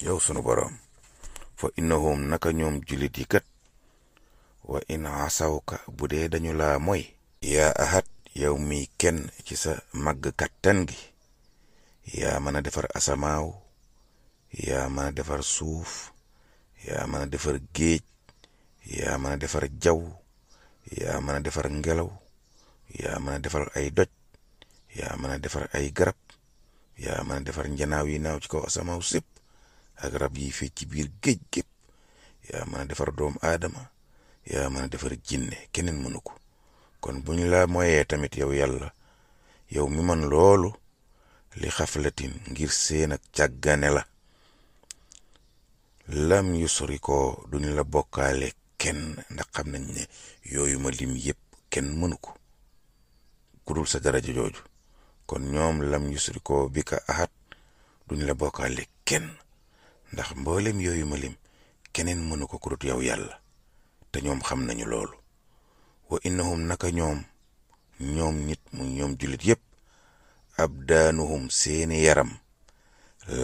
yow sunu boroom fa innahum naka ñoom jullit yi kat wa in asawka bu dee dañu laa mooy yaa ahad yow mii kenn ci sa màgg kattan gi yaa mën a defar asamaaw yaa mën a defar suuf yaa mën a defar géej yaa mën defar jaww yaa mën a defar ngelaw yaa mën a defar ay doj yaa mën a defar ay garab yaa mën a defar njanaaw yi naaw ci kaw asamaaw sépp ak rab yiy fecc ci biir géej gépp yaa mën a defar doomu aadama yaa mën a defar jinne keneen mënu ko kon bu ñu la moyee tamit yow yàlla yow mi man loolu li xaflatin ngir seen ak càggane la lam yu sori ko duñu la bokkaale kenn ndax xam nañ ne yooyu ma lim yëpp kenn mënu ko kudul sa daraja jooju kon ñoom lam yu sori ko bi ka ahat duñu la ndax mboolem yooyu malem keneen mënu ko kurut yow yàlla te ñoom xam nañu loolu wa innahum naka ñoom ñoom nit mu ñoom julit yépp ab daanuhum seeni yaram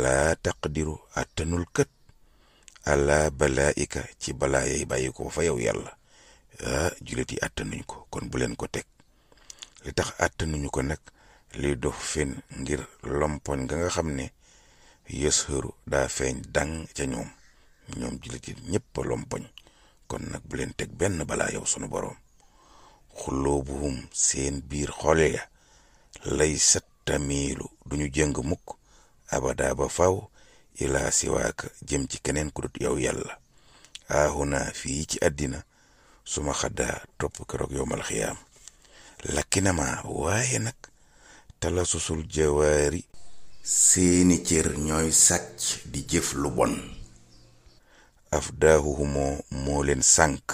laa taqdiru attanul kët ala balaika ci balaa yay bàyyi ko fa yow yàlla ah julit yi attanuñ ko kon bu leen ko teg li tax attanuñu ko nag li dox fen ngir lompoñ nga nga xam ne yées xëru daa feeñ dang ca ñoom ñoom jullit yi ñëpp a lompoñ kon nag bu leen teg benn balaa yow sunu boroom xuloobuhum seen biir xoole ya lay sat tamiilu duñu jëng mukk abadaa ba faw ilaa siwaaka jëm ci keneen ku dut yow yàlla aahuna fii ci àddina suma xaddaa topp keroog yowmal xiyaam lakkina ma waaye nag tala susul jawaari seeni cër ñooy sàcc di jëf lu bon af daahuhumoo moo leen sànk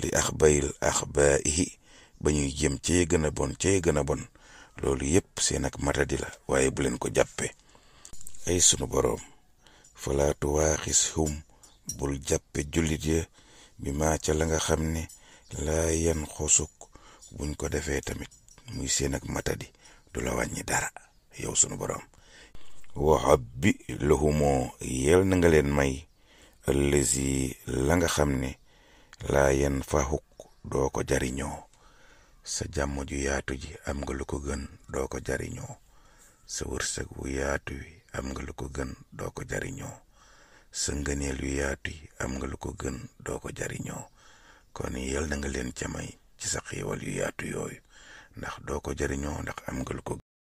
li ax bayil ax baahi ba ñuy jëm cee gën a bon cee gën a bon loolu yépp seen ak matadi la waaye bu leen ko jàppe ay sunu boroom falaatu waaxis hum bul jàppe jullit ya bi maa ca la nga xam ni laa yan xosuk buñ ko defee tamit muy seen ak matadi du la wàññi dara yow sunu boroom waxab bi lahumoo yel na nga leen may allazi la nga xam ne laa yen fahuk doo ko jariñoo sa jàmm ju yaatu ji am nga lu ko gën doo ko jariñoo sa wërsëg wu yaatu wi am nga lu ko gën doo ko jariñoo sa ngëneel yu yaatu am nga lu ko gën doo ko jariñoo kon yal na nga leen ca may ci sa xéewal yu yaatu yooyu ndax dooko ko jariñoo ndax am nga lu